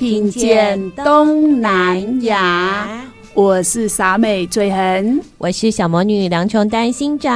聽見東南亞，南亞我是傻美嘴痕，我是小魔女梁瓊丹心找，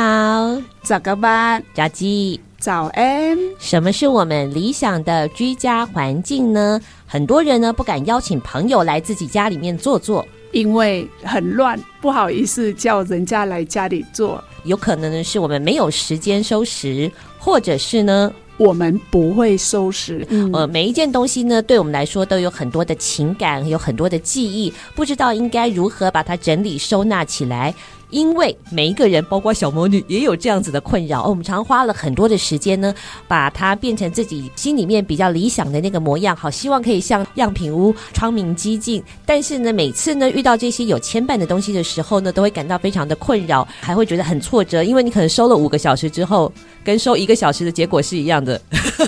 早，早個班，早吉，早安。什麼是我們理想的居家環境呢？很多人呢不敢邀請朋友來自己家裡面坐坐，因為很亂，不好意思叫人家來家裡坐。有可能呢是我們沒有時間收拾，或者是呢。我們不會收拾，嗯、呃，每一件東西呢，對我們來說都有很多的情感，有很多的記憶，不知道應該如何把它整理收納起來。因為每一個人，包括小魔女，也有這樣子的困擾。哦，我們常花了很多的時間呢，把它變成自己心裡面比較理想的那個模樣。好，希望可以像樣品屋窗明幾淨。但是呢，每次呢遇到這些有牽絆的東西的時候呢，都會感到非常的困擾，還會覺得很挫折。因為你可能收了五個小時之後，跟收一個小時的結果是一樣的。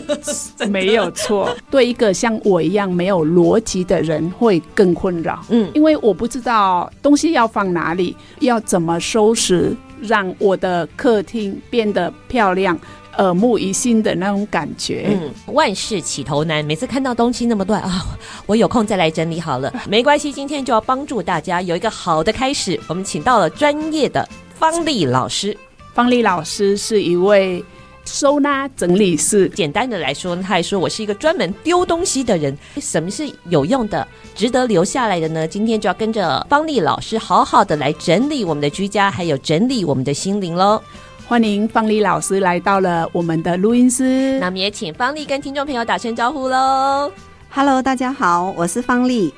真的。沒有錯，對一個像我一樣沒有邏輯的人會更困擾。嗯，因為我不知道東西要放哪裡，要怎麼。怎麼收拾，讓我的客廳變得漂亮、耳目一新的那種感覺？嗯，萬事起頭難，每次看到東西那麼亂啊，哦，我有空再來整理好了。沒關係，今天就要幫助大家有一個好的開始。我們請到了專業的方麗老師，方麗老師是一位。收納整理師，簡單的來說，他還說我是一個專門丟東西的人。什麼是有用的、值得留下來的呢？今天就要跟着方麗老師好好的來整理我們的居家，還有整理我們的心靈咯。歡迎方麗老師來到了我們的錄音室，那我們也請方麗跟聽眾朋友打聲招呼嘍。Hello，大家好，我是方麗。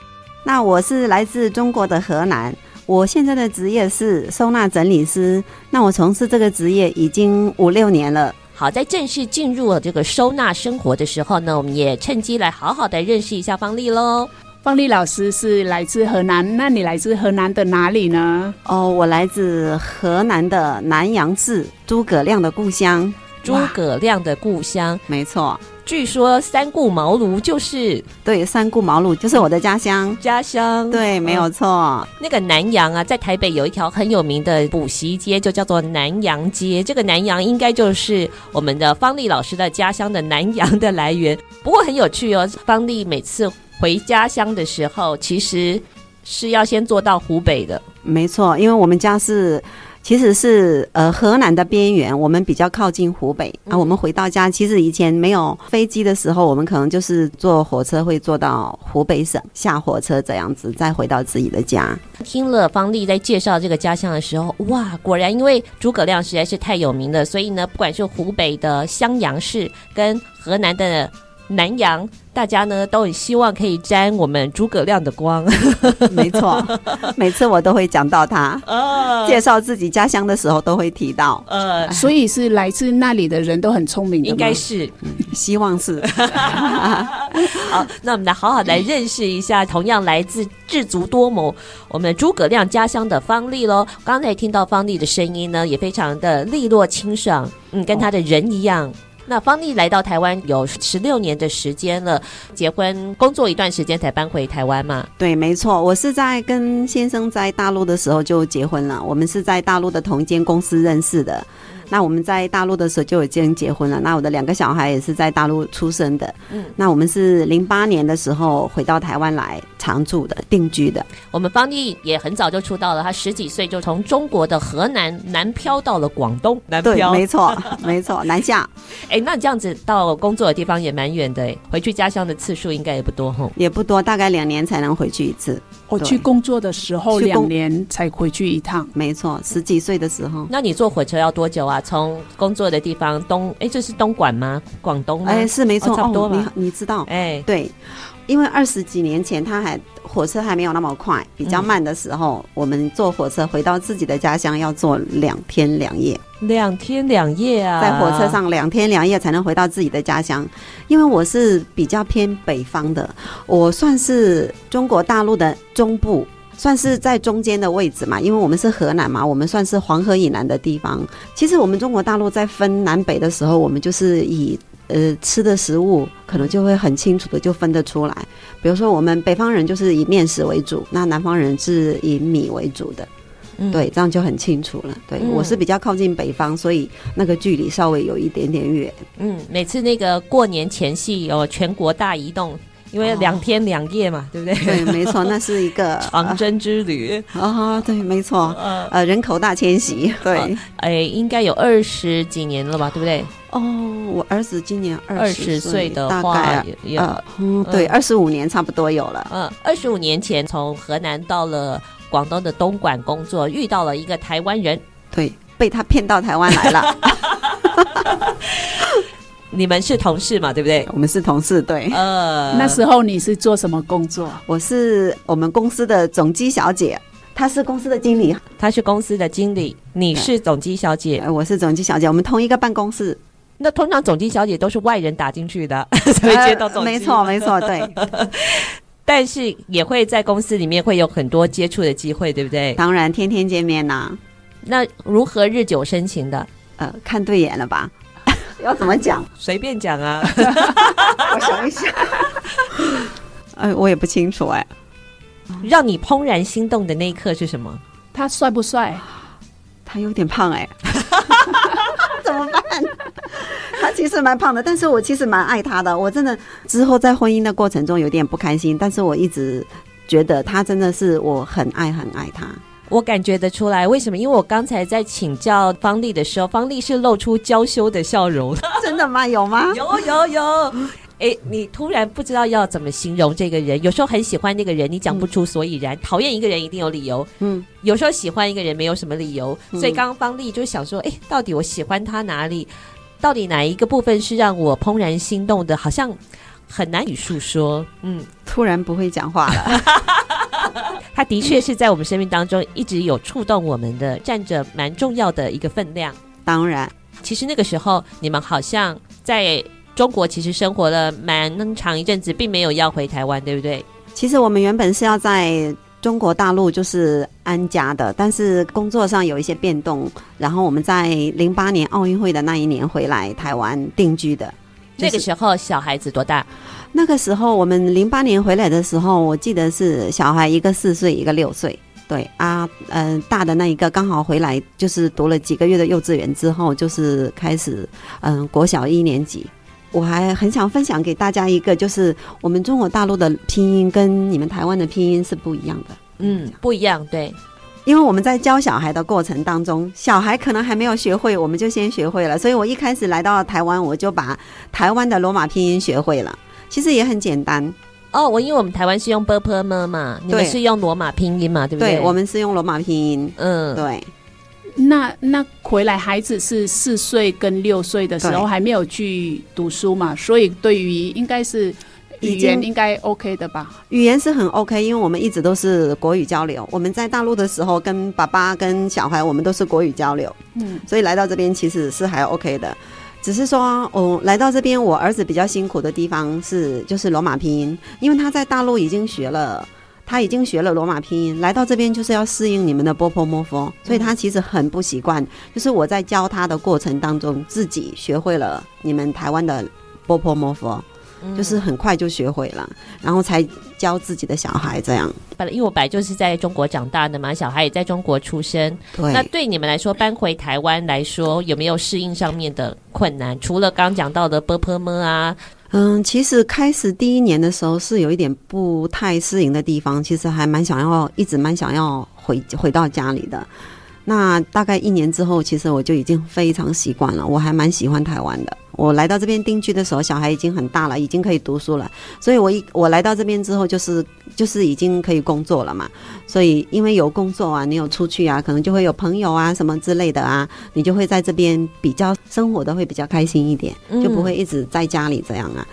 那我是來自中國的河南，我現在的職業是收納整理師。那我從事這個職業已經五六年了。好，在正式進入了這個收納生活的時候呢，我們也趁機來好好的認識一下方麗嘍。方麗老師是來自河南，那你來自河南的哪裡呢？哦，我來自河南的南陽市，諸葛亮的故鄉。諸葛亮的故鄉，沒錯。據說三顧茅廬就是對，三顧茅廬就是我的家鄉，家鄉對，沒有錯。哦，那個南陽啊，在台北有一條很有名的補習街，就叫做南陽街。這個南陽應該就是我們的方麗老師的家鄉的南陽的來源。不過很有趣哦，方麗每次回家鄉的時候，其實是要先坐到湖北的，沒錯，因為我們家是。其實是呃河南的邊緣，我們比較靠近湖北啊。我們回到家，其實以前沒有飛機的時候，我們可能就是坐火車會坐到湖北省，下火車這樣子再回到自己的家。聽了方麗在介紹這個家鄉的時候，哇，果然因為諸葛亮實在是太有名了，所以呢，不管是湖北的襄陽市跟河南的。南陽，大家呢都很希望可以沾我們諸葛亮的光， 沒錯，每次我都會講到他，呃、介紹自己家鄉的時候都會提到，呃，所以是來自那裡的人都很聰明，應該是，希望是。 好，那我們來好好來認識一下， 同樣來自智足多謀，我們諸葛亮家鄉的方麗嘍。剛才聽到方麗的聲音呢，也非常的利落清爽，嗯，跟他的人一樣。哦那方麗來到台灣有十六年的時間了，結婚工作一段時間才搬回台灣嘛？對，沒錯，我是在跟先生在大陸的時候就結婚了，我們是在大陸的同一間公司認識的。那我們在大陸的時候就已經結婚了，那我的兩個小孩也是在大陸出生的。嗯，那我們是零八年的時候回到台灣來常住的、定居的。我們方麗也很早就出道了，他十幾歲就從中國的河南南漂到了廣東。南漂，沒錯，沒錯， 南下。哎，那你這樣子到工作的地方也蠻遠的，回去家鄉的次數應該也不多哈。哼也不多，大概兩年才能回去一次。我去工作的時候，兩年才回去一趟。沒錯，十幾歲的時候。那你坐火車要多久啊？從工作的地方東，哎、欸，這是東莞嗎？廣東嗎？哎、欸，是沒錯、哦，差不多吧。哦、你，你知道？哎、欸，對。因為二十幾年前，他還火車還沒有那麼快，比較慢的時候，我們坐火車回到自己的家鄉要坐兩天兩夜。兩天兩夜啊！在火車上兩天兩夜才能回到自己的家鄉，因為我是比較偏北方的，我算是中國大陸的中部，算是在中間的位置嘛。因為我們是河南嘛，我們算是黃河以南的地方。其實我們中國大陸在分南北的時候，我們就是以。呃，吃的食物可能就會很清楚的就分得出來，比如說我們北方人就是以麵食為主，那南方人是以米為主的，嗯、對，這樣就很清楚了。對、嗯、我是比較靠近北方，所以那個距離稍微有一點點遠。嗯，每次那個過年前夕有全國大移動。因為兩天兩夜嘛，對不對？對，沒錯，那是一個長征之旅啊！對，沒錯，呃，人口大遷徙，對，哎，應該有二十幾年了吧，對不對？哦，我兒子今年二十歲的話，大概也也。對，二十五年差不多有了。嗯，二十五年前從河南到了廣東的東莞工作，遇到了一個台灣人，對，被他騙到台灣來了。你們是同事嘛，對不對？我們是同事，對。呃，那時候你是做什麼工作？我是我們公司的總機小姐，她是公司的經理，她是公司的經理，你是總機小姐。呃，我是總機小姐，我們同一個辦公室。那通常總機小姐都是外人打進去的，所以接到總機。呃，沒錯，沒錯，對。 但是也會在公司裡面會有很多接觸的機會，對不對？當然，天天見面吶，啊。那如何日久生情的？呃，看對眼了吧？要怎麼講？隨便講啊！ 我想一想，哎，我也不清楚哎、欸。讓你怦然心動的那一刻是什麼？他帥不帥？他有點胖哎、欸， 怎麼辦？他其實蠻胖的，但是我其實蠻愛他的。我真的之後在婚姻的過程中有點不開心，但是我一直覺得他真的是我很愛很愛他。我感覺得出來，為什麼？因為我剛才在請教方麗的時候，方麗是露出嬌羞的笑容。 真的嗎？有嗎？有有有。哎，你突然不知道要怎麼形容這個人。有時候很喜歡那個人，你講不出所以然。嗯、討厭一個人一定有理由。嗯。有時候喜歡一個人沒有什麼理由。嗯、所以剛剛方麗就想說，哎，到底我喜歡他哪裡？到底哪一個部分是讓我怦然心動的？好像很難以訴說。嗯，突然不會講話了。 他的確是在我們生命當中一直有觸動我們的，佔着蠻重要的一個分量。當然，其實那個時候你們好像在中國其實生活了蠻長一陣子，並沒有要回台灣，對不對？其實我們原本是要在中國大陸就是安家的，但是工作上有一些變動，然後我們在零八年奧運會的那一年回來台灣定居的。那個時候小孩子多大？那個時候我們零八年回來的時候，我記得是小孩一個四歲，一個六歲。對啊，嗯，大的那一個剛好回來，就是讀了幾個月的幼稚園之後，就是開始嗯、呃、國小一年級。我還很想分享給大家一個，就是我們中國大陸的拼音跟你們台灣的拼音是不一樣的。嗯，不一樣，對。因為我們在教小孩的過程當中，小孩可能還沒有學會，我們就先學會了。所以，我一開始來到台灣，我就把台灣的羅馬拼音學會了。其實也很簡單哦。我因為我們台灣是用 ㄅㄆㄇ 嘛，對你們是用羅馬拼音嘛，對不對？對，我們是用羅馬拼音。嗯，對。那那回來孩子是四歲跟六歲的時候還沒有去讀書嘛，對所以對於應該是。語言應該 OK 的吧？語言是很 OK，因為我們一直都是國語交流。我們在大陸的時候，跟爸爸、跟小孩，我們都是國語交流。嗯，所以來到這邊其實是還 OK 的，只是說，我、哦、來到這邊，我兒子比較辛苦的地方是就是羅馬拼音，因為他在大陸已經學了，他已經學了羅馬拼音，來到這邊就是要適應你們的波波摩佛，嗯、所以他其實很不習慣。就是我在教他的過程當中，自己學會了你們台灣的波波摩佛。就是很快就學會了，嗯，然後才教自己的小孩這樣。本來因為我本來就是在中國長大的嘛，小孩也在中國出生。對，那對你們來說，搬回台灣來說，有沒有適應上面的困難？除了剛講到的波潑啊？嗯，其實開始第一年的時候是有一點不太適應的地方，其實還蠻想要一直蠻想要回回到家裡的。那大概一年之後，其實我就已經非常習慣了，我還蠻喜歡台灣的。我來到這邊定居的時候，小孩已經很大了，已經可以讀書了。所以，我一我來到這邊之後，就是就是已經可以工作了嘛。所以，因為有工作啊，你有出去啊，可能就會有朋友啊什麼之類的啊，你就會在這邊比較生活的會比較開心一點，嗯、就不會一直在家裡這樣啊，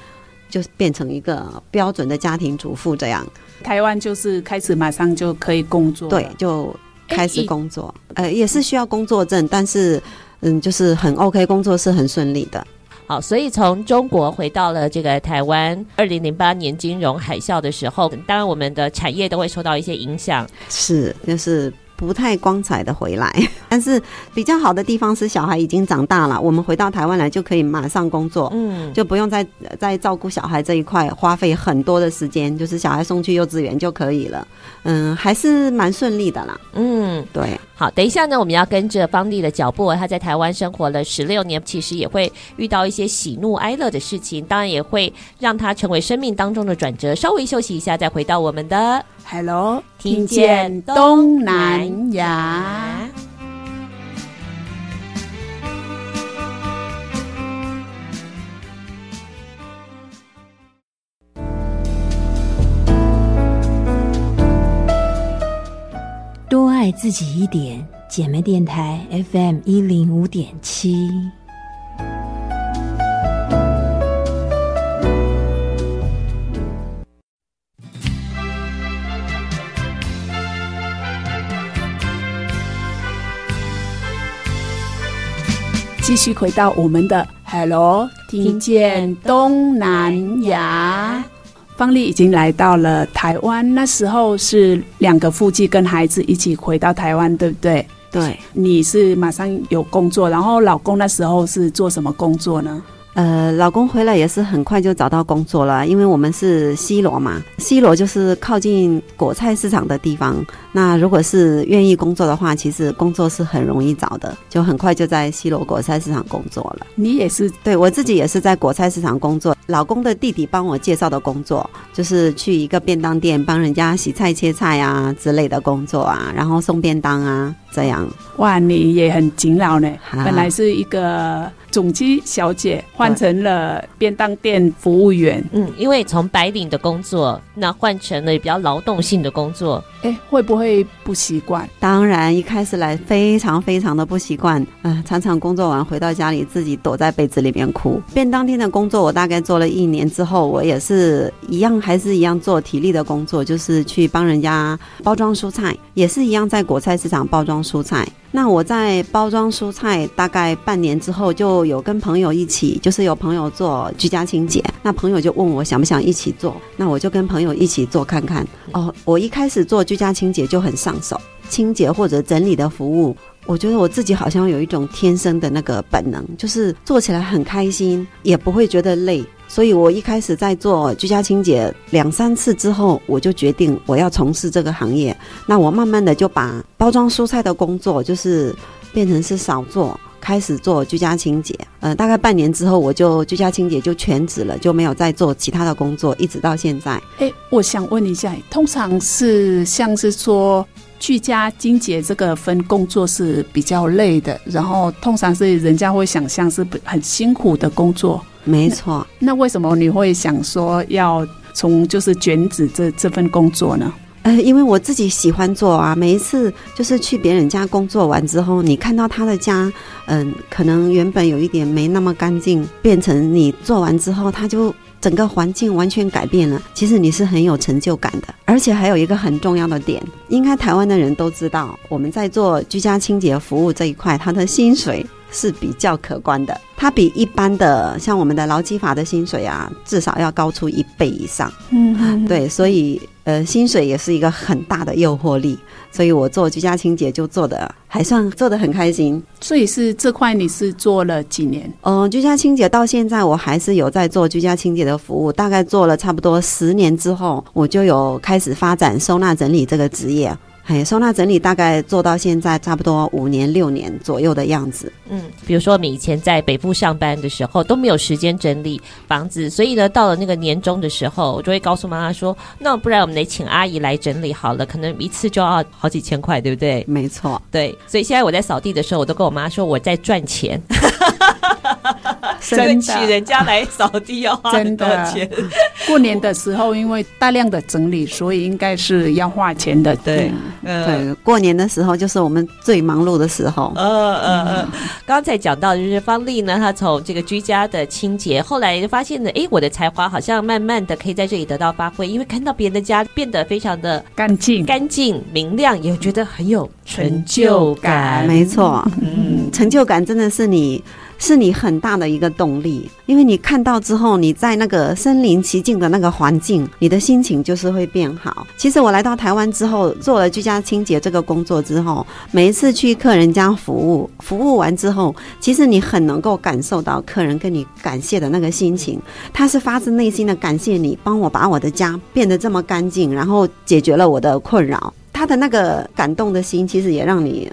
就變成一個標準的家庭主婦這樣。台灣就是開始馬上就可以工作，對，就開始工作，欸、呃，也是需要工作證，但是嗯，就是很 OK，工作是很順利的。好，所以從中國回到了這個台灣，二零零八年金融海嘯的時候，當然我們的產業都會受到一些影響，是，就是。不太光彩的回來，但是比較好的地方是，小孩已經長大了，我們回到台灣來就可以馬上工作，嗯，就不用再再照顧小孩這一塊花費很多的時間，就是小孩送去幼稚園就可以了，嗯，還是蠻順利的啦，嗯，對，好，等一下呢，我們要跟着方麗的腳步，她在台灣生活了十六年，其實也會遇到一些喜怒哀樂的事情，當然也會讓她成為生命當中的轉折，稍微休息一下，再回到我們的。哈囉！Hello, 聽見東南亞，南亞多愛自己一點。姐妹電台 FM 一零五點七。繼續回到我們的 Hello，聽見東南亞。方麗已經來到了台灣，那時候是兩個夫妻跟孩子一起回到台灣，對不對？對，你是馬上有工作，然後老公那時候是做什麼工作呢？呃，老公回來也是很快就找到工作了，因為我們是西螺嘛，西螺就是靠近果菜市場的地方。那如果是願意工作的話，其實工作是很容易找的，就很快就在西螺果菜市場工作了。你也是對，我自己也是在果菜市場工作，老公的弟弟幫我介紹的工作，就是去一個便當店幫人家洗菜、切菜啊之類的工作啊，然後送便當啊這樣。哇，你也很勤勞呢，啊、本來是一個總機小姐。換成了便當店服務員，嗯，因為從白領的工作，那換成了比較勞動性的工作，哎、欸，會不會不習慣？當然，一開始來非常非常的不習慣，嗯、呃，常常工作完回到家裡，自己躲在被子裡面哭。便當店的工作我大概做了一年之後，我也是一樣，還是一樣做體力的工作，就是去幫人家包裝蔬菜，也是一樣在果菜市場包裝蔬菜。那我在包裝蔬菜大概半年之後，就有跟朋友一起，就是有朋友做居家清潔，嗯。那朋友就問我想不想一起做，那我就跟朋友一起做看看。哦，我一開始做居家清潔就很上手，清潔或者整理的服務，我覺得我自己好像有一種天生的那個本能，就是做起來很開心，也不會覺得累。所以，我一開始在做居家清潔兩三次之後，我就決定我要從事這個行業。那我慢慢的就把包裝蔬菜的工作，就是變成是少做，開始做居家清潔。呃，大概半年之後，我就居家清潔就全職了，就沒有再做其他的工作，一直到現在。誒、欸，我想問一下，通常是像是說居家清潔這個份工作是比較累的，然後通常是人家會想象是很辛苦的工作。沒錯那，那為什麼你會想說要從就是卷紙這這份工作呢？呃，因為我自己喜歡做啊。每一次就是去別人家工作完之後，你看到他的家，嗯、呃，可能原本有一點沒那麼乾淨，變成你做完之後，他就整個環境完全改變了。其實你是很有成就感的，而且還有一個很重要的點，應該台灣的人都知道，我們在做居家清潔服務這一塊，他的薪水。是比較可觀的，它比一般的像我們的勞基法的薪水啊，至少要高出一倍以上。嗯， 對，所以呃，薪水也是一個很大的誘惑力，所以我做居家清潔就做得還算做得很開心。所以是這塊你是做了幾年？嗯、呃，居家清潔到現在我還是有在做居家清潔的服務，大概做了差不多十年之後，我就有開始發展收納整理這個職業。哎，收納整理大概做到現在差不多五年六年左右的樣子。嗯，比如說我們以前在北部上班的時候都沒有時間整理房子，所以呢，到了那個年終的時候，我就會告訴媽媽說：“那不然我們得請阿姨來整理好了，可能一次就要好幾千塊，對不對？”沒錯，對。所以現在我在掃地的時候，我都跟我媽說我在賺錢，爭取 的人家來掃地哦。 真的，過年的時候因為大量的整理，所以應該是要花錢的， 嗯、對。嗯，對呃、過年的時候就是我們最忙碌的時候。呃呃，呃，剛才講到就是方麗呢，她從這個居家的清潔，後來就發現呢，哎，我的才華好像慢慢的可以在這裡得到發揮，因為看到別人的家變得非常的乾淨、乾淨、明亮，也覺得很有成就感。沒錯，嗯，成就感真的是你。是你很大的一個動力，因為你看到之後，你在那個身臨其境的那個環境，你的心情就是會變好。其實我來到台灣之後，做了居家清潔這個工作之後，每一次去客人家服務，服務完之後，其實你很能夠感受到客人跟你感謝的那個心情，他是發自內心的感謝你，幫我把我的家變得這麼乾淨，然後解決了我的困擾。他的那個感動的心，其實也讓你。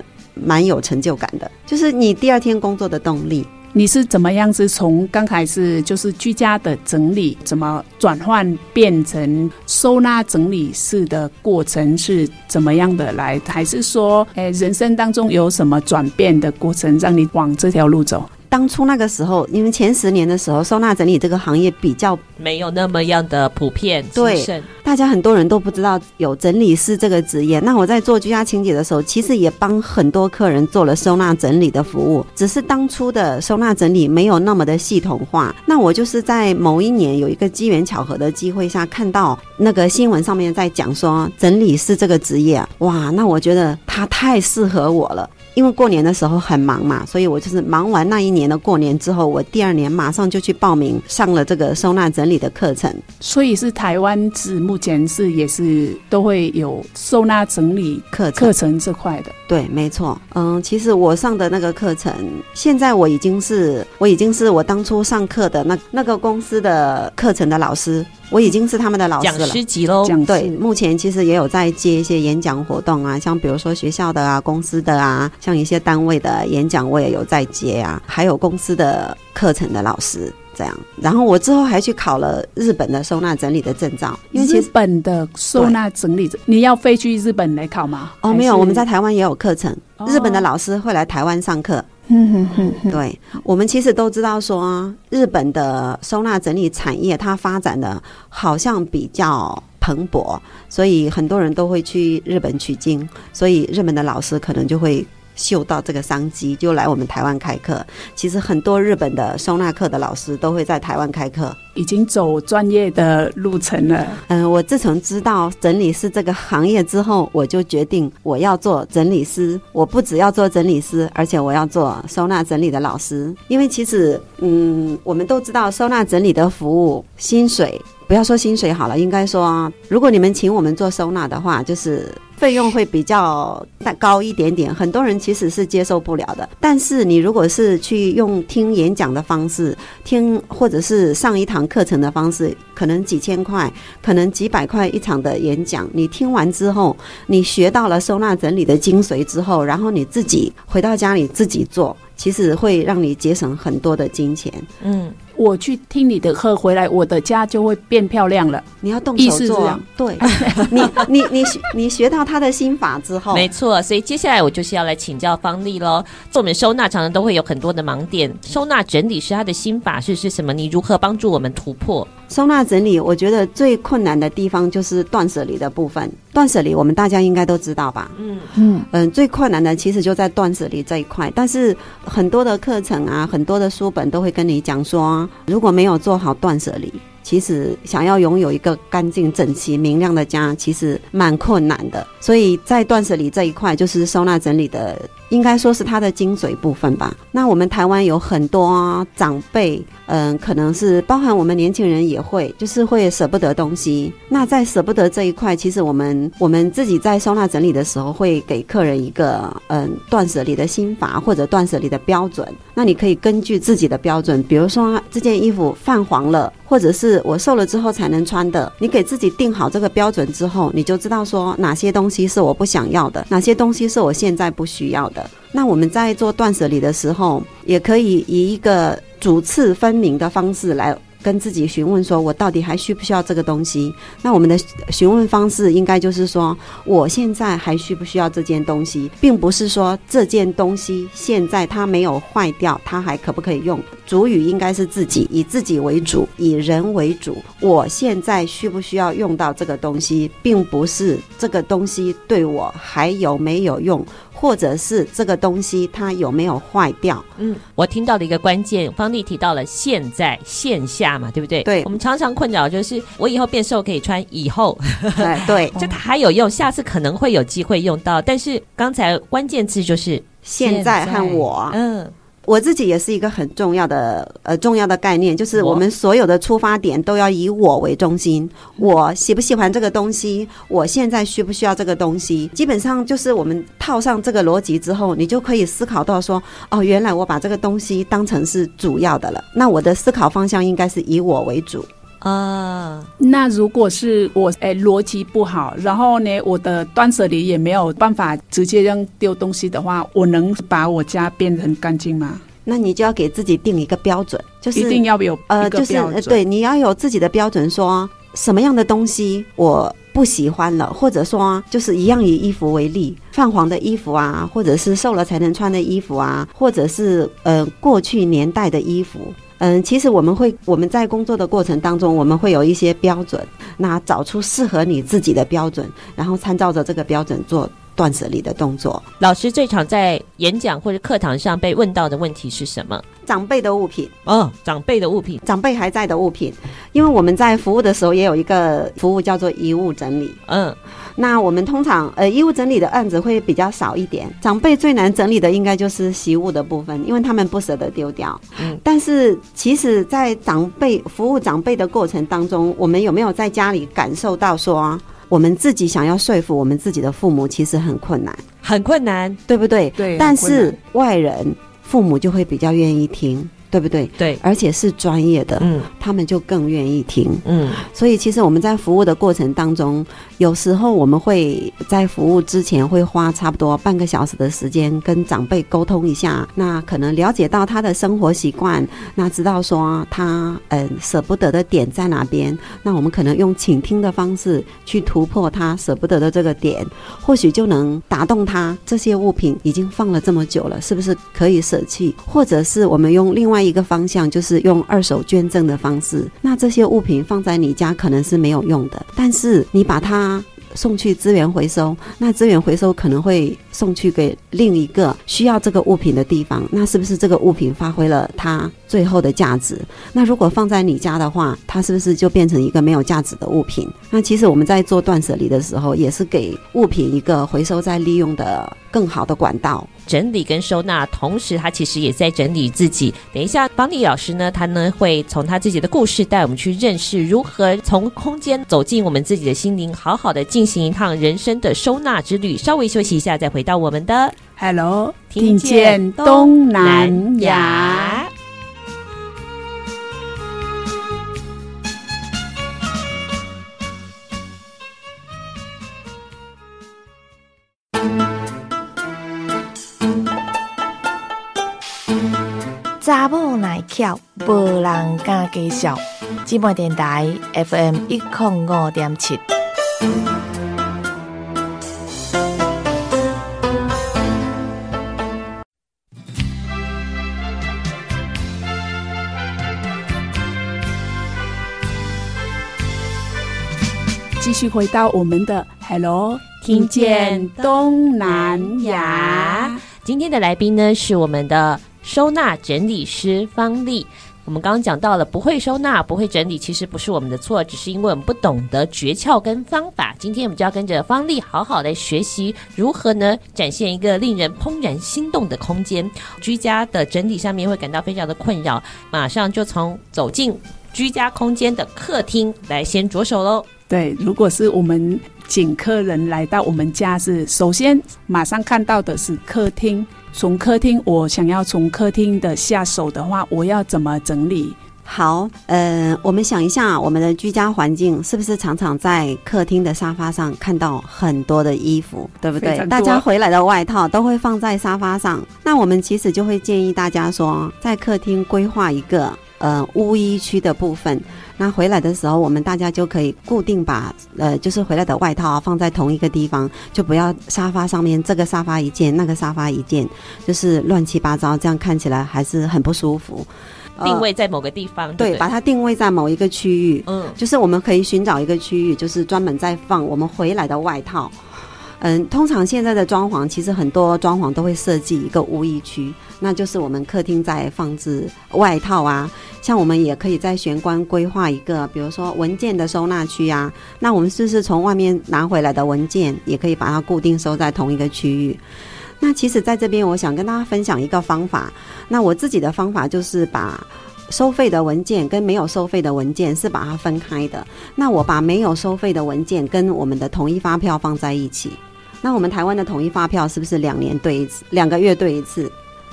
蠻有成就感的，就是你第二天工作的動力，你是怎麼樣子？從剛開始就是居家的整理，怎麼轉換變成收納整理師的過程是怎麼樣的？來，還是說，誒、哎，人生當中有什麼轉變的過程，讓你往這條路走？當初那個時候，因為前十年的時候，收納整理這個行業比較沒有那麼樣的普遍，對，大家很多人都不知道有整理師這個職業。那我在做居家清潔的時候，其實也幫很多客人做了收納整理的服務，只是當初的收納整理沒有那麼的系統化。那我就是在某一年有一個機緣巧合的機會下，看到那個新聞上面在講說整理師這個職業。哇，那我覺得它太適合我了。因為過年的時候很忙嘛，所以我就是忙完那一年的過年之後，我第二年馬上就去報名上了這個收納整理的課程。所以是台灣是目前是也是都會有收納整理課程課程，課程這塊的，對，沒錯。嗯，其實我上的那個課程，現在我已經是我已經是我當初上課的那那個公司的課程的老師。我已經是他們的老師了，講師級嘍。對，目前其實也有在接一些演講活動啊，像比如說學校的啊、公司的啊，像一些單位的演講我也有在接啊，還有公司的課程的老師這樣。然後我之後還去考了日本的收納整理的證照，因為日本的收納整理，對你要飛去日本來考嗎？哦，是沒有，我們在台灣也有課程，日本的老師會來台灣上課。嗯哼哼，對，我們其實都知道說，說日本的收納整理產業它發展的好像比較蓬勃，所以很多人都會去日本取經，所以日本的老師可能就會。嗅到這個商機，就來我們台灣開課。其實很多日本的收納課的老師都會在台灣開課，已經走專業的路程了。嗯，我自從知道整理師這個行業之後，我就決定我要做整理師。我不只要做整理師，而且我要做收納整理的老師。因為其實，嗯，我們都知道收納整理的服務薪水，不要說薪水好了，應該說如果你們請我們做收納的話，就是。費用會比較高一點點，很多人其實是接受不了的。但是你如果是去用聽演講的方式聽，或者是上一堂課程的方式，可能幾千塊，可能幾百塊一場的演講，你聽完之後，你學到了收納整理的精髓之後，然後你自己回到家裡自己做，其實會讓你節省很多的金錢。嗯。我去聽你的課回來，我的家就會變漂亮了。嗯、你要動手做，對， 你你你你學，你學到他的心法之後，沒錯。所以接下來我就是要來請教方麗嘍。做我們收納，常常都會有很多的盲點。收納整理師，他的心法是是什麼？你如何幫助我們突破？收納整理，我覺得最困難的地方就是斷舍離的部分。斷舍離，我們大家應該都知道吧？嗯嗯嗯、呃，最困難的其實就在斷舍離這一塊。但是很多的課程啊，很多的書本都會跟你講說。如果沒有做好斷捨離，其實想要擁有一個乾淨、整齊、明亮的家，其實蠻困難的。所以在斷捨離這一塊，就是收納整理的。應該說是它的精髓部分吧。那我們台灣有很多長輩，嗯、呃，可能是包含我們年輕人也會，就是會捨不得東西。那在捨不得這一塊，其實我們我們自己在收納整理的時候，會給客人一個嗯、呃，斷捨離的心法或者斷捨離的標準。那你可以根據自己的標準，比如說這件衣服泛黃了，或者是我瘦了之後才能穿的，你給自己定好這個標準之後，你就知道說哪些東西是我不想要的，哪些東西是我現在不需要的。那我們在做斷捨離的時候，也可以以一個主次分明的方式來跟自己詢問：說我到底還需不需要這個東西？那我們的詢問方式應該就是說：我現在還需不需要這件東西？並不是說這件東西現在它沒有壞掉，它還可不可以用。主語應該是自己，以自己為主，以人為主。我現在需不需要用到這個東西？並不是這個東西對我還有沒有用？或者是這個東西它有沒有壞掉？嗯，我聽到了一個關鍵，方麗提到了現在線下嘛，對不對？對，我們常常困擾就是我以後變瘦可以穿，以後 對，就它還有用，哦、下次可能會有機會用到。但是剛才關鍵字就是現在和我，嗯。我自己也是一個很重要的呃重要的概念，就是我們所有的出發點都要以我為中心。我喜不喜歡這個東西？我現在需不需要這個東西？基本上就是我們套上這個邏輯之後，你就可以思考到說：哦，原來我把這個東西當成是主要的了。那我的思考方向應該是以我為主。啊，uh, 那如果是我哎邏輯不好，然後呢，我的斷捨離也沒有辦法直接扔丟東西的話，我能把我家變得很乾淨嗎？那你就要給自己定一個標準，就是一定要有呃，就是對你要有自己的標準說，說什麼樣的東西我不喜歡了，或者說就是一樣，以衣服為例，泛黃的衣服啊，或者是瘦了才能穿的衣服啊，或者是呃過去年代的衣服。嗯，其實我們會，我們在工作的過程當中，我們會有一些標準，那找出適合你自己的標準，然後參照着這個標準做。段子裡的動作，老師最常在演講或者課堂上被問到的問題是什麼？長輩的物品嗯、哦，長輩的物品，長輩還在的物品，因為我們在服務的時候也有一個服務叫做遺物整理。嗯，那我們通常呃遺物整理的案子會比較少一點。長輩最難整理的應該就是衣物的部分，因為他們不捨得丟掉。嗯，但是其實，在長輩服務長輩的過程當中，我們有沒有在家裡感受到說？我們自己想要說服我們自己的父母，其實很困難，很困難，對不對？對。但是外人父母就會比較願意聽。對不對？對，而且是專業的，嗯，他們就更願意聽，嗯。所以其實我們在服務的過程當中，有時候我們會在服務之前會花差不多半個小時的時間跟長輩溝通一下，那可能了解到他的生活習慣，那知道說他嗯、呃、捨不得的點在哪邊，那我們可能用傾聽的方式去突破他捨不得的這個點，或許就能打動他。這些物品已經放了這麼久了，是不是可以捨棄？或者是我們用另外一個方向，就是用二手捐贈的方式，那這些物品放在你家可能是沒有用的，但是你把它送去資源回收，那資源回收可能會送去給另一個需要這個物品的地方，那是不是這個物品發揮了它最後的價值，那如果放在你家的話，它是不是就變成一個沒有價值的物品？那其實我們在做斷舍離的時候，也是給物品一個回收再利用的更好的管道，整理跟收納，同時他其實也在整理自己。等一下，方麗老師呢，他呢會從他自己的故事帶我們去認識如何從空間走進我們自己的心靈，好好的進行一趟人生的收納之旅。稍微休息一下，再回到我們的 Hello，聽見東南亞。阿姆來跳，無、啊、人敢介紹。姊妹電台 FM 一空五點七。繼續回到我們的 Hello，聽見東南亞。今天的來賓呢是我們的。收納整理師方麗，我們剛剛講到了不會收納、不會整理，其實不是我們的錯，只是因為我們不懂得訣竅跟方法。今天我們就要跟着方麗好好來學習，如何呢展現一個令人怦然心動的空間。居家的整理上面會感到非常的困擾，馬上就從走進居家空間的客廳來先着手嘍。對，如果是我們請客人來到我們家是，是首先馬上看到的是客廳。從客廳，我想要從客廳的下手的話，我要怎麼整理？好，呃，我們想一下，我們的居家環境是不是常常在客廳的沙發上看到很多的衣服，對不對？啊、大家回來的外套都會放在沙發上。那我們其實就會建議大家說，在客廳規劃一個呃污衣區的部分。那回來的時候，我們大家就可以固定把呃，就是回來的外套啊，放在同一個地方，就不要沙發上面這個沙發一件，那個沙發一件，就是亂七八糟，這樣看起來還是很不舒服。呃，定位在某個地方對，對，把它定位在某一個區域，嗯，就是我們可以尋找一個區域，就是專門在放我們回來的外套。嗯，通常現在的裝潢其實很多裝潢都會設計一個污衣區，那就是我們客廳在放置外套啊。像我們也可以在玄關規劃一個，比如說文件的收納區啊。那我們是不是從外面拿回來的文件，也可以把它固定收在同一個區域？那其實在這邊，我想跟大家分享一個方法。那我自己的方法就是把收費的文件跟沒有收費的文件是把它分開的。那我把沒有收費的文件跟我們的統一發票放在一起。那我們台灣的統一發票是不是兩年對一次，兩個月對一次，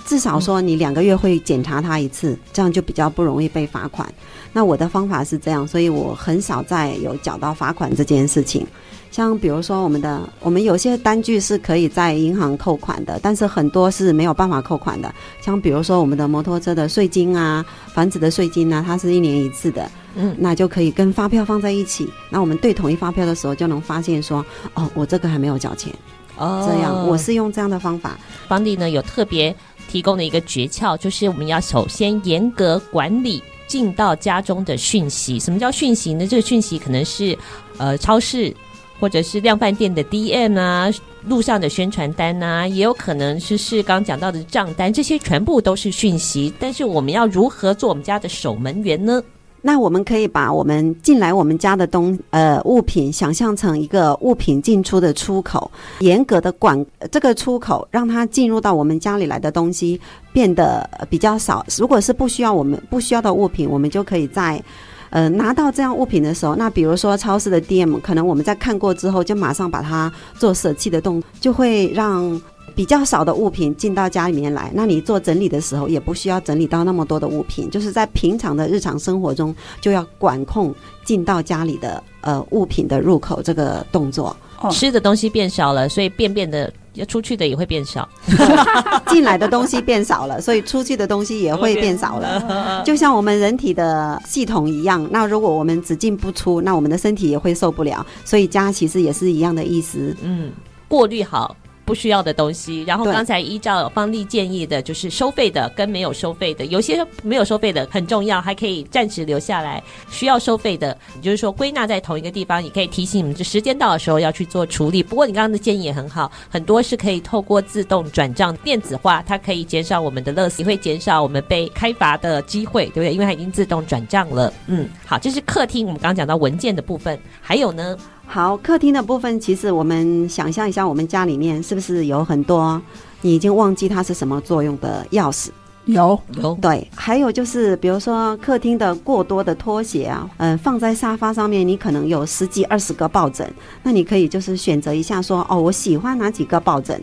至少說你兩個月會檢查它一次，這樣就比較不容易被罰款。那我的方法是這樣，所以我很少再有繳到罰款這件事情。像比如說我們的，我們有些單據是可以在銀行扣款的，但是很多是沒有辦法扣款的。像比如說我們的摩托車的稅金啊，房子的稅金呢，啊，它是一年一次的。嗯，那就可以跟發票放在一起。那我們對統一發票的時候，就能發現說，哦，我這個還沒有繳錢。哦，這樣，我是用這樣的方法。方麗呢有特別提供的一個訣竅，就是我們要首先嚴格管理進到家中的訊息。什麼叫訊息呢？這個訊息可能是，呃，超市。或者是量販店的 DM 啊，路上的宣傳單啊，也有可能是是剛講到的賬單，這些全部都是訊息。但是我們要如何做我們家的守門員呢？那我們可以把我們進來我們家的東呃物品想象成一個物品進出的出口，嚴格的管這個出口，讓它進入到我們家裡來的東西變得比較少。如果是不需要我們不需要的物品，我們就可以在。呃，拿到這樣物品的時候，那比如說超市的 DM，可能我們在看過之後就馬上把它做捨棄的動作，就會讓比較少的物品進到家裡面來。那你做整理的時候，也不需要整理到那麼多的物品，就是在平常的日常生活中就要管控進到家裡的呃物品的入口這個動作。哦，吃的東西變少了，所以便便的要出去的也會變少， 進來的東西變少了，所以出去的東西也會變少了。就像我們人體的系統一樣，那如果我們只進不出，那我們的身體也會受不了。所以家其實也是一樣的意思，嗯，過濾好不需要的東西，然後剛才依照方麗建議的，就是收費的跟沒有收費的，對有些沒有收費的很重要，還可以暫時留下來。需要收費的，也就是說歸納在同一個地方，也可以提醒你們，就時間到的時候要去做處理。不過你剛剛的建議也很好，很多是可以透過自動轉賬電子化，它可以減少我們的樂死，也會減少我們被開罰的機會，對不對？因為它已經自動轉賬了。嗯，好，這是客廳。我們剛剛講到文件的部分，還有呢。好，客廳的部分，其實我們想象一下，我們家裡面是不是有很多你已經忘記它是什麼作用的鑰匙？有有對，還有就是比如說客廳的過多的拖鞋啊，嗯、呃，放在沙發上面，你可能有十幾二十個抱枕，那你可以就是選擇一下說哦，我喜歡哪幾個抱枕，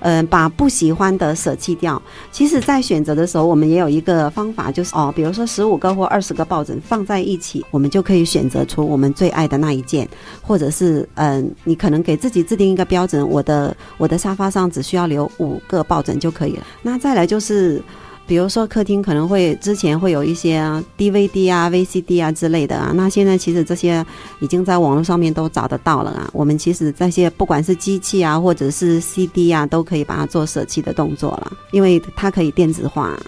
嗯、呃，把不喜歡的捨棄掉。其實，在選擇的時候，我們也有一個方法，就是哦，比如說十五個或二十個抱枕放在一起，我們就可以選擇出我們最愛的那一件，或者是嗯、呃，你可能給自己制定一個標準，我的我的沙發上只需要留五個抱枕就可以了。那再來就是。比如說，客廳可能會之前會有一些 DVD 啊、VCD 啊之類的啊，那現在其實這些已經在網絡上面都找得到了啊。我們其實這些不管是機器啊，或者是 CD 啊，都可以把它做舍棄的動作了，因為它可以電子化。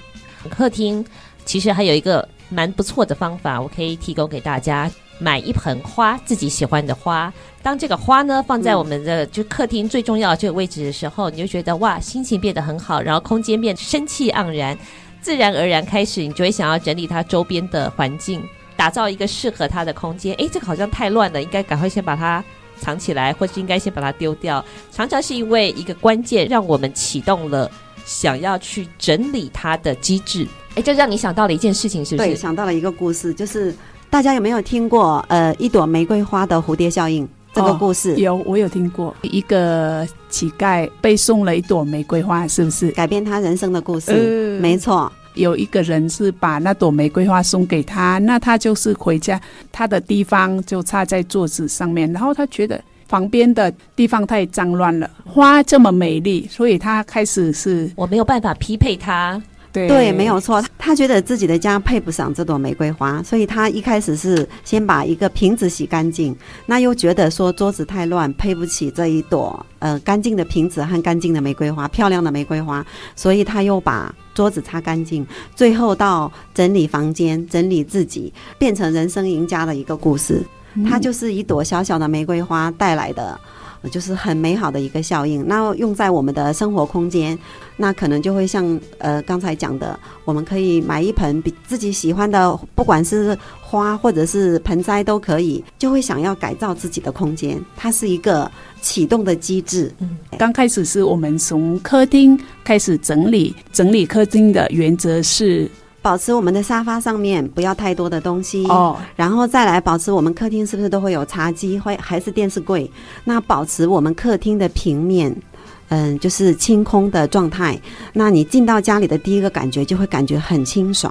客廳其實還有一個蠻不錯的方法，我可以提供給大家。買一盆花，自己喜歡的花。當這個花呢，放在我們的、嗯、就客廳最重要的這個位置的時候，你就覺得哇，心情變得很好，然後空間變生氣盎然。自然而然開始，你就會想要整理它周邊的環境，打造一個適合它的空間。哎，這個好像太亂了，應該趕快先把它藏起來，或是應該先把它丟掉。常常是因為一個關鍵，讓我們啟動了想要去整理它的機制。哎，這讓你想到了一件事情，是不是？對，想到了一個故事，就是。大家有沒有聽過呃一朵玫瑰花的蝴蝶效應這個故事？哦，有，我有聽過。一個乞丐被送了一朵玫瑰花，是不是改變他人生的故事？嗯，沒錯，有一個人是把那朵玫瑰花送給他，那他就是回家，他的地方就插在桌子上面，然後他覺得旁邊的地方太髒亂了，花這麼美麗，所以他開始是我沒有辦法匹配他。對，對，沒有錯。他覺得自己的家配不上這朵玫瑰花，所以他一開始是先把一個瓶子洗乾淨，那又覺得說桌子太亂，配不起這一朵呃乾淨的瓶子和乾淨的玫瑰花，漂亮的玫瑰花，所以他又把桌子擦乾淨，最後到整理房間，整理自己，變成人生贏家的一個故事。它、嗯、就是一朵小小的玫瑰花帶來的。就是很美好的一個效應。那用在我們的生活空間，那可能就會像呃剛才講的，我們可以買一盆比自己喜歡的，不管是花或者是盆栽都可以，就會想要改造自己的空間。它是一個啟動的機制。嗯，剛開始是我們從客廳開始整理，整理客廳的原則是，保持我們的沙發上面不要太多的東西，oh. 然後再來保持我們客廳是不是都會有茶几會還是電視櫃？那保持我們客廳的平面，嗯，就是清空的狀態。那你進到家裡的第一個感覺就會感覺很清爽。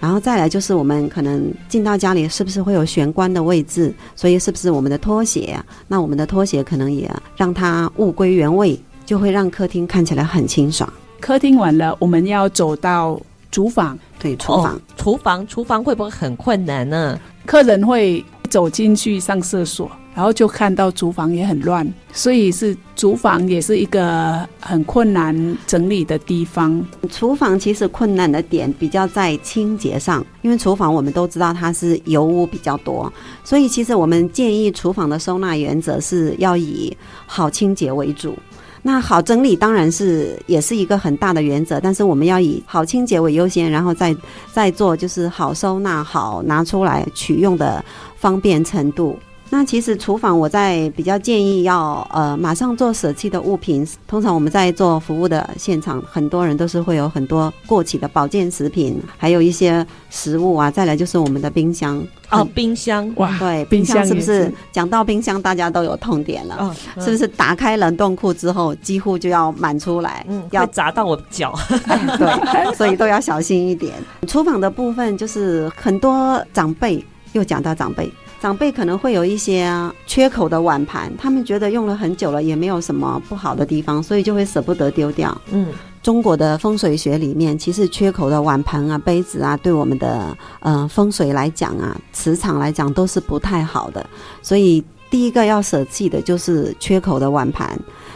然後再來就是我們可能進到家裡是不是會有玄關的位置？所以是不是我們的拖鞋？那我們的拖鞋可能也讓它物歸原位，就會讓客廳看起來很清爽。客廳完了，我們要走到。廚房對，廚房，廚房、哦、廚房廚房會不會很困難呢、啊？客人會走進去上廁所，然後就看到廚房也很亂，所以是廚房也是一個很困難整理的地方。嗯、廚房其實困難的點比較在清潔上，因為廚房我們都知道它是油污比較多，所以其實我們建議廚房的收納原則是要以好清潔為主。那好整理當然是也是一個很大的原則，但是我們要以好清潔為優先，然後再再做就是好收納、好拿出來取用的方便程度。那其實廚房，我在比較建議要呃馬上做捨棄的物品。通常我們在做服務的現場，很多人都是會有很多過期的保健食品，還有一些食物啊。再來就是我們的冰箱、嗯、哦，冰箱哇，對，冰箱，冰箱，是不是講到冰箱，大家都有痛點了？哦嗯、是不是打開冷凍庫之後，幾乎就要滿出來，嗯、要砸到我的腳、 哎，對，所以都要小心一點。 廚房的部分就是很多長輩，又講到長輩。長輩可能會有一些缺口的碗盤，他們覺得用了很久了也沒有什麼不好的地方，所以就會捨不得丟掉。嗯，中國的風水學裡面，其實缺口的碗盤啊、杯子啊，對我們的呃風水來講啊、磁場來講都是不太好的，所以第一個要捨棄的就是缺口的碗盤。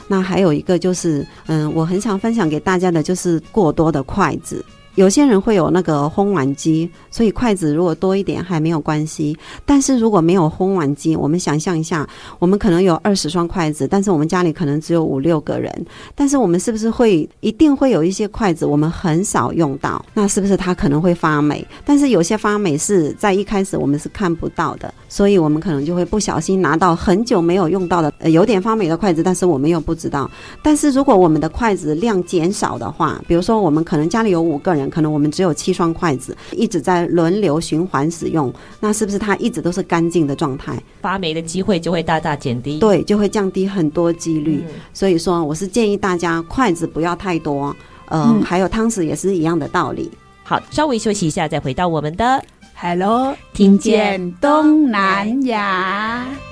那還有一個就是，嗯、呃，我很想分享給大家的就是過多的筷子。有些人會有那個烘碗機，所以筷子如果多一點還沒有關係。但是如果沒有烘碗機，我們想象一下，我們可能有二十雙筷子，但是我們家裡可能只有五六個人。但是我們是不是會一定會有一些筷子我們很少用到？那是不是它可能會發霉？但是有些發霉是在一開始我們是看不到的，所以我們可能就會不小心拿到很久沒有用到的、呃有點發霉的筷子，但是我們又不知道。但是如果我們的筷子量減少的話，比如說我們可能家裡有五個人。可能我們只有七雙筷子，一直在輪流循環使用，那是不是它一直都是乾淨的狀態？發霉的機會就會大大減低。對，就會降低很多幾率。嗯、所以說，我是建議大家筷子不要太多，呃、嗯，還有湯匙也是一樣的道理。好，稍微休息一下，再回到我們的 Hello，聽見東南亞。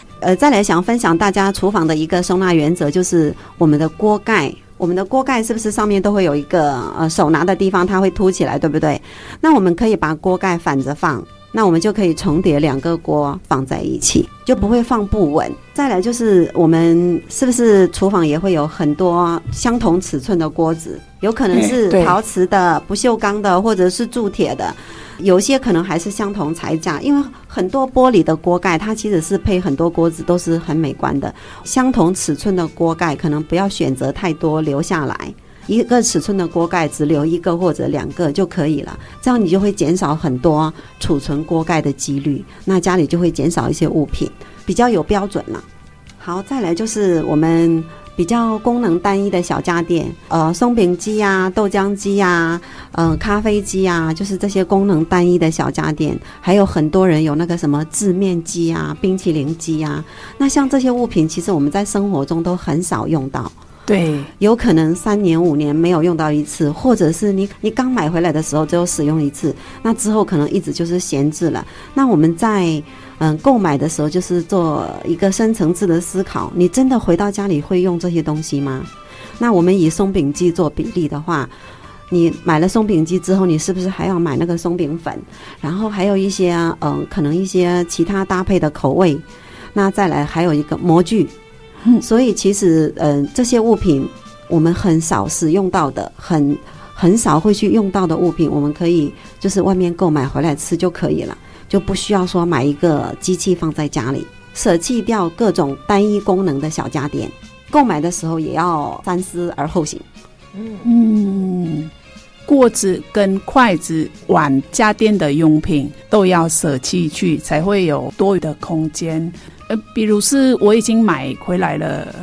呃，再來想分享大家廚房的一個收納原則，就是我們的鍋蓋，我們的鍋蓋是不是上面都會有一個呃手拿的地方，它會凸起來，對不對？那我們可以把鍋蓋反着放。那我們就可以重疊兩個鍋放在一起，就不會放不穩。再來就是我們是不是廚房也會有很多相同尺寸的鍋子？有可能是陶瓷的、不鏽鋼的或者是鑄鐵的，有些可能還是相同材質，因為很多玻璃的鍋蓋，它其實是配很多鍋子都是很美觀的。相同尺寸的鍋蓋，可能不要選擇太多，留下來，一個尺寸的鍋蓋，只留一個或者兩個就可以了，這樣你就會減少很多儲存鍋蓋的幾率，那家裡就會減少一些物品，比較有標準了。好，再來就是我們比較功能單一的小家電，呃，鬆餅機啊，豆漿機啊，嗯、呃，咖啡機啊，就是這些功能單一的小家電，還有很多人有那個什麼製麵機啊，冰淇淋機啊，那像這些物品，其實我們在生活中都很少用到。對，有可能三年五年沒有用到一次，或者是你你剛買回來的時候只有使用一次，那之後可能一直就是閒置了。那我們在嗯、呃、購買的時候，就是做一個深層次的思考：你真的回到家裡會用這些東西嗎？那我們以鬆餅機做比例的話，你買了鬆餅機之後，你是不是還要買那個鬆餅粉？然後還有一些嗯、啊呃，可能一些其他搭配的口味。那再來還有一個模具。嗯、所以，其實，嗯、呃，這些物品我們很少使用到的，很很少會去用到的物品，我們可以就是外面購買回來吃就可以了，就不需要說買一個機器放在家裡，捨棄掉各種單一功能的小家電。購買的時候也要三思而後行。嗯，鍋子、跟筷子、碗、家電的用品都要捨棄去，嗯、才會有多餘的空間。呃，比如是我已經買回來了。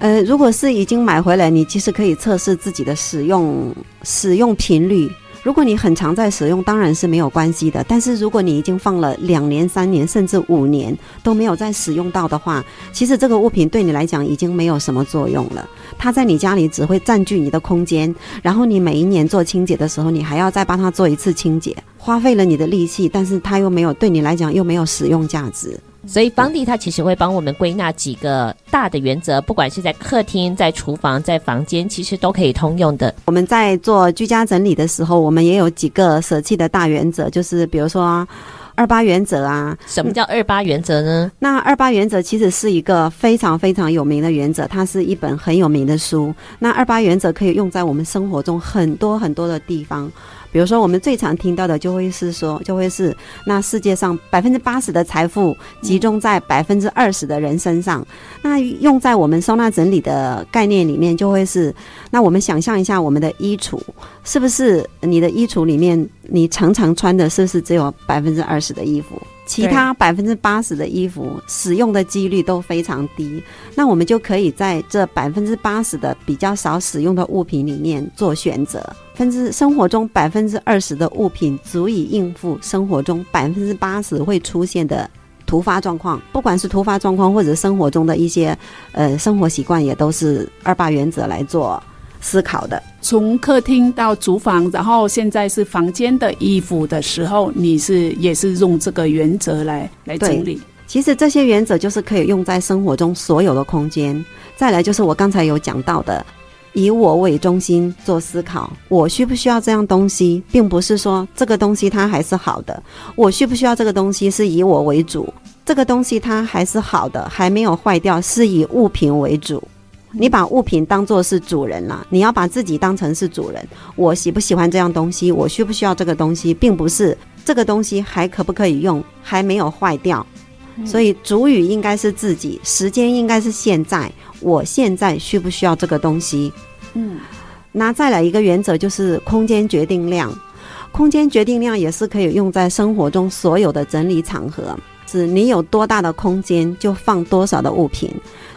呃，如果是已經買回來，你其實可以測試自己的使用使用頻率。如果你很常在使用，當然是沒有關係的。但是如果你已經放了兩年、三年，甚至五年都沒有再使用到的話，其實這個物品對你來講已經沒有什麼作用了。它在你家裡只會占據你的空間，然後你每一年做清潔的時候，你還要再幫它做一次清潔，花費了你的力氣，但是它又沒有對你來講又沒有使用價值。所以方麗他其實會幫我們歸納幾個大的原則，不管是在客廳、在廚房、在房間，其實都可以通用的。我們在做居家整理的時候，我們也有幾個舍棄的大原則，就是比如說二八原則啊。什麼叫二八原則呢？嗯，那二八原則其實是一個非常非常有名的原則，它是一本很有名的書。那二八原則可以用在我們生活中很多很多的地方。比如說，我們最常聽到的就會是說，就會是那世界上百分之八十的財富集中在百分之二十的人身上。嗯。那用在我們收納整理的概念裡面，就會是那我們想象一下，我們的衣櫥是不是？你的衣櫥裡面，你常常穿的是不是只有百分之二十的衣服？其他百分之八十的衣服使用的幾率都非常低。對。那我們就可以在這百分之八十的比較少使用的物品裡面做選擇。分之生活中百分之二十的物品足以應付生活中百分之八十會出現的突發狀況，不管是突發狀況或者生活中的一些呃生活習慣，也都是二八原則來做思考的。從客廳到廚房，然後現在是房間的衣服的時候，你是也是用這個原則來來整理。其實這些原則就是可以用在生活中所有的空間。再來就是我剛才有講到的。以我為中心做思考，我需不需要這樣東西，並不是說這個東西它還是好的，我需不需要這個東西是以我為主，這個東西它還是好的，還沒有壞掉，是以物品為主。你把物品當做是主人了啊，你要把自己當成是主人。我喜不喜歡這樣東西，我需不需要這個東西，並不是這個東西還可不可以用，還沒有壞掉，所以主語應該是自己，時間應該是現在。我現在需不需要這個東西？嗯，那再來一個原則就是空間決定量。空間決定量也是可以用在生活中所有的整理場合，指你有多大的空間就放多少的物品。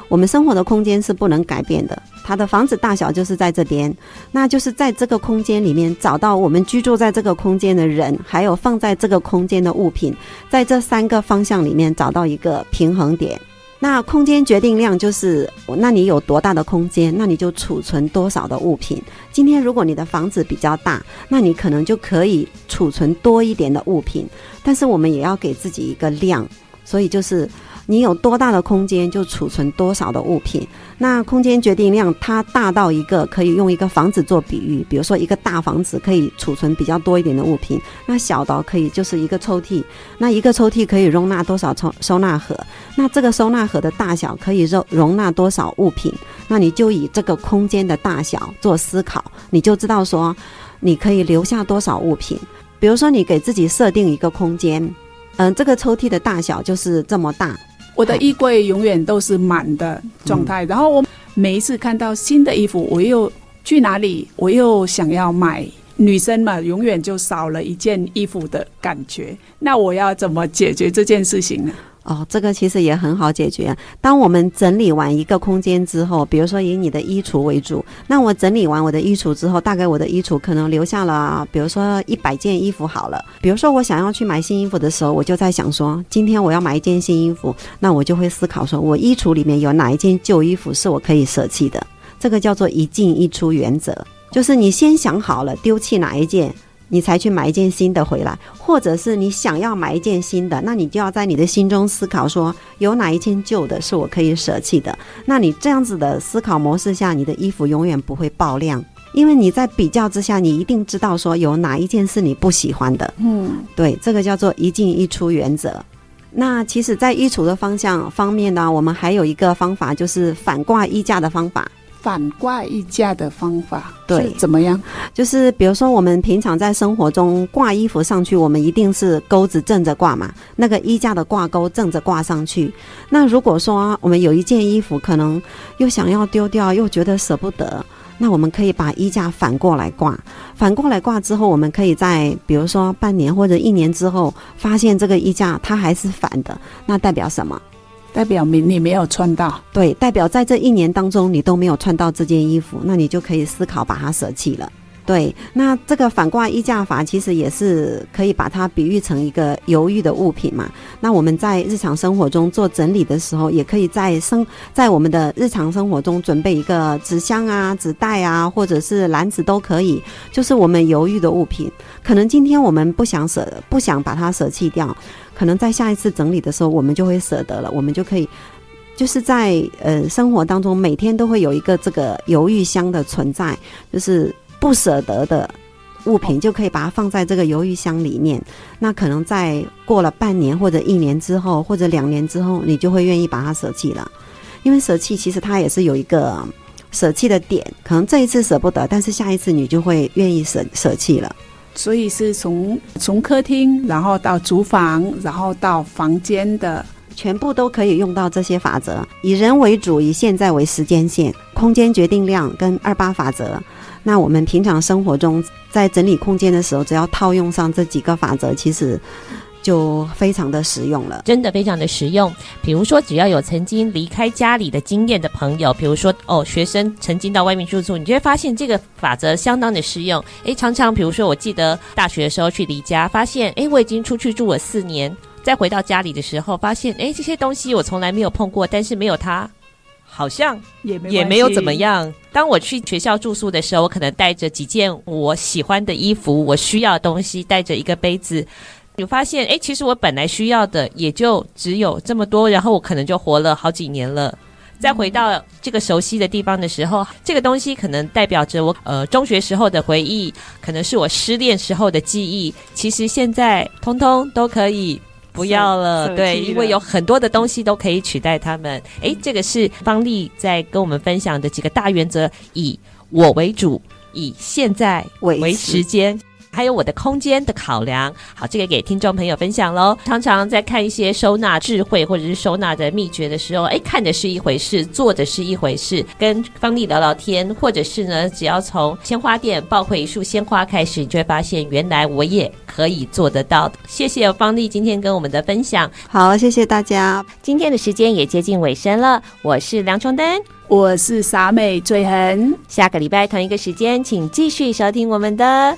我們生活的空間是不能改變的，它的房子大小就是在這邊，那就是在這個空間裡面找到我們居住在這個空間的人，還有放在這個空間的物品，在這三個方向裡面找到一個平衡點。那空間決定量，就是那你有多大的空間，那你就儲存多少的物品。今天如果你的房子比較大，那你可能就可以儲存多一點的物品，但是我們也要給自己一個量，所以就是。你有多大的空間，就儲存多少的物品。那空間決定量，它大到一個可以用一個房子做比喻，比如說一個大房子可以儲存比較多一點的物品，那小到可以就是一個抽屜。那一個抽屜可以容納多少抽收，收納盒？那這個收納盒的大小可以容容納多少物品？那你就以這個空間的大小做思考，你就知道說，你可以留下多少物品。比如說你給自己設定一個空間，嗯、呃，這個抽屜的大小就是這麼大。我的衣櫃永遠都是滿的狀態，然後我每一次看到新的衣服，我又去哪裡？我又想要買，女生嘛，永遠就少了一件衣服的感覺。那我要怎麼解決這件事情呢？哦，這個其實也很好解決。當我們整理完一個空間之後，比如說以你的衣櫥為主，那我整理完我的衣櫥之後，大概我的衣櫥可能留下了，比如說一百件衣服好了。比如說我想要去買新衣服的時候，我就在想說，今天我要買一件新衣服，那我就會思考說，我衣櫥裡面有哪一件舊衣服是我可以捨棄的？這個叫做一進一出原則，就是你先想好了丟棄哪一件。你才去買一件新的回來，或者是你想要買一件新的，那你就要在你的心中思考說，有哪一件舊的是我可以捨棄的。那你這樣子的思考模式下，你的衣服永遠不會爆量，因為你在比較之下，你一定知道說有哪一件是你不喜歡的。嗯，對，這個叫做一進一出原則。那其實，在衣櫥的方向方面呢，我們還有一個方法，就是反掛衣架的方法。反掛衣架的方法對，怎麼樣？就是比如說，我們平常在生活中掛衣服上去，我們一定是鈎子正着掛嘛，那個衣架的掛鈎正着掛上去。那如果說我們有一件衣服，可能又想要丟掉，又覺得捨不得，那我們可以把衣架反過來掛。反過來掛之後，我們可以在比如說半年或者一年之後，發現這個衣架它還是反的，那代表什麼？代表你你沒有穿到，對，代表在這一年當中你都沒有穿到這件衣服，那你就可以思考把它捨棄了。對，那這個反掛衣架法其實也是可以把它比喻成一個猶豫的物品嘛。那我們在日常生活中做整理的時候，也可以在生在我們的日常生活中準備一個紙箱啊、紙袋啊，或者是籃子都可以，就是我們猶豫的物品，可能今天我們不想捨，不想把它捨棄掉。可能在下一次整理的時候，我們就會捨得了，我們就可以就是在呃生活當中，每天都會有一個這個猶豫箱的存在，就是不捨得的物品，就可以把它放在這個猶豫箱裡面。那可能在過了半年或者一年之後，或者兩年之後，你就會願意把它捨棄了，因為捨棄其實它也是有一個捨棄的點，可能這一次舍不得，但是下一次你就會願意舍捨棄了。所以是從從客廳，然後到廚房，然後到房間的，全部都可以用到這些法則。以人為主，以現在為時間線，空間決定量跟二八法則。那我們平常生活中在整理空間的時候，只要套用上這幾個法則，其實。就非常的實用了，真的非常的實用。比如說，只要有曾經離開家裡的經驗的朋友，比如說哦，學生曾經到外面住宿，你就會發現這個法則相當的實用。誒，常常比如說，我記得大學的時候去離家，發現誒我已經出去住了四年，再回到家裡的時候，發現誒這些東西我從來沒有碰過，但是沒有它，好像也沒也沒有怎麼樣。當我去學校住宿的時候，我可能帶着幾件我喜歡的衣服，我需要的東西，帶着一個杯子。有發現誒，其實我本來需要的也就只有這麼多，然後我可能就活了好幾年了。再回到這個熟悉的地方的時候，嗯、這個東西可能代表着我呃中學時候的回憶，可能是我失戀時候的記憶。其實現在通通都可以不要了，對，因為有很多的東西都可以取代他們。嗯、誒，這個是方麗在跟我們分享的幾個大原則：以我為主，以現在為時間。為時還有我的空間的考量，好，這個給聽眾朋友分享嘍。常常在看一些收納智慧或者是收納的秘訣的時候，哎，看的是一回事，做的是一回事。跟方麗聊聊天，或者是呢，只要從鮮花店抱回一束鮮花開始，你就會發現原來我也可以做得到的。謝謝方麗今天跟我們的分享，好，謝謝大家。今天的時間也接近尾聲了，我是梁崇登，我是傻美最狠。下個禮拜同一個時間，請繼續收聽我們的。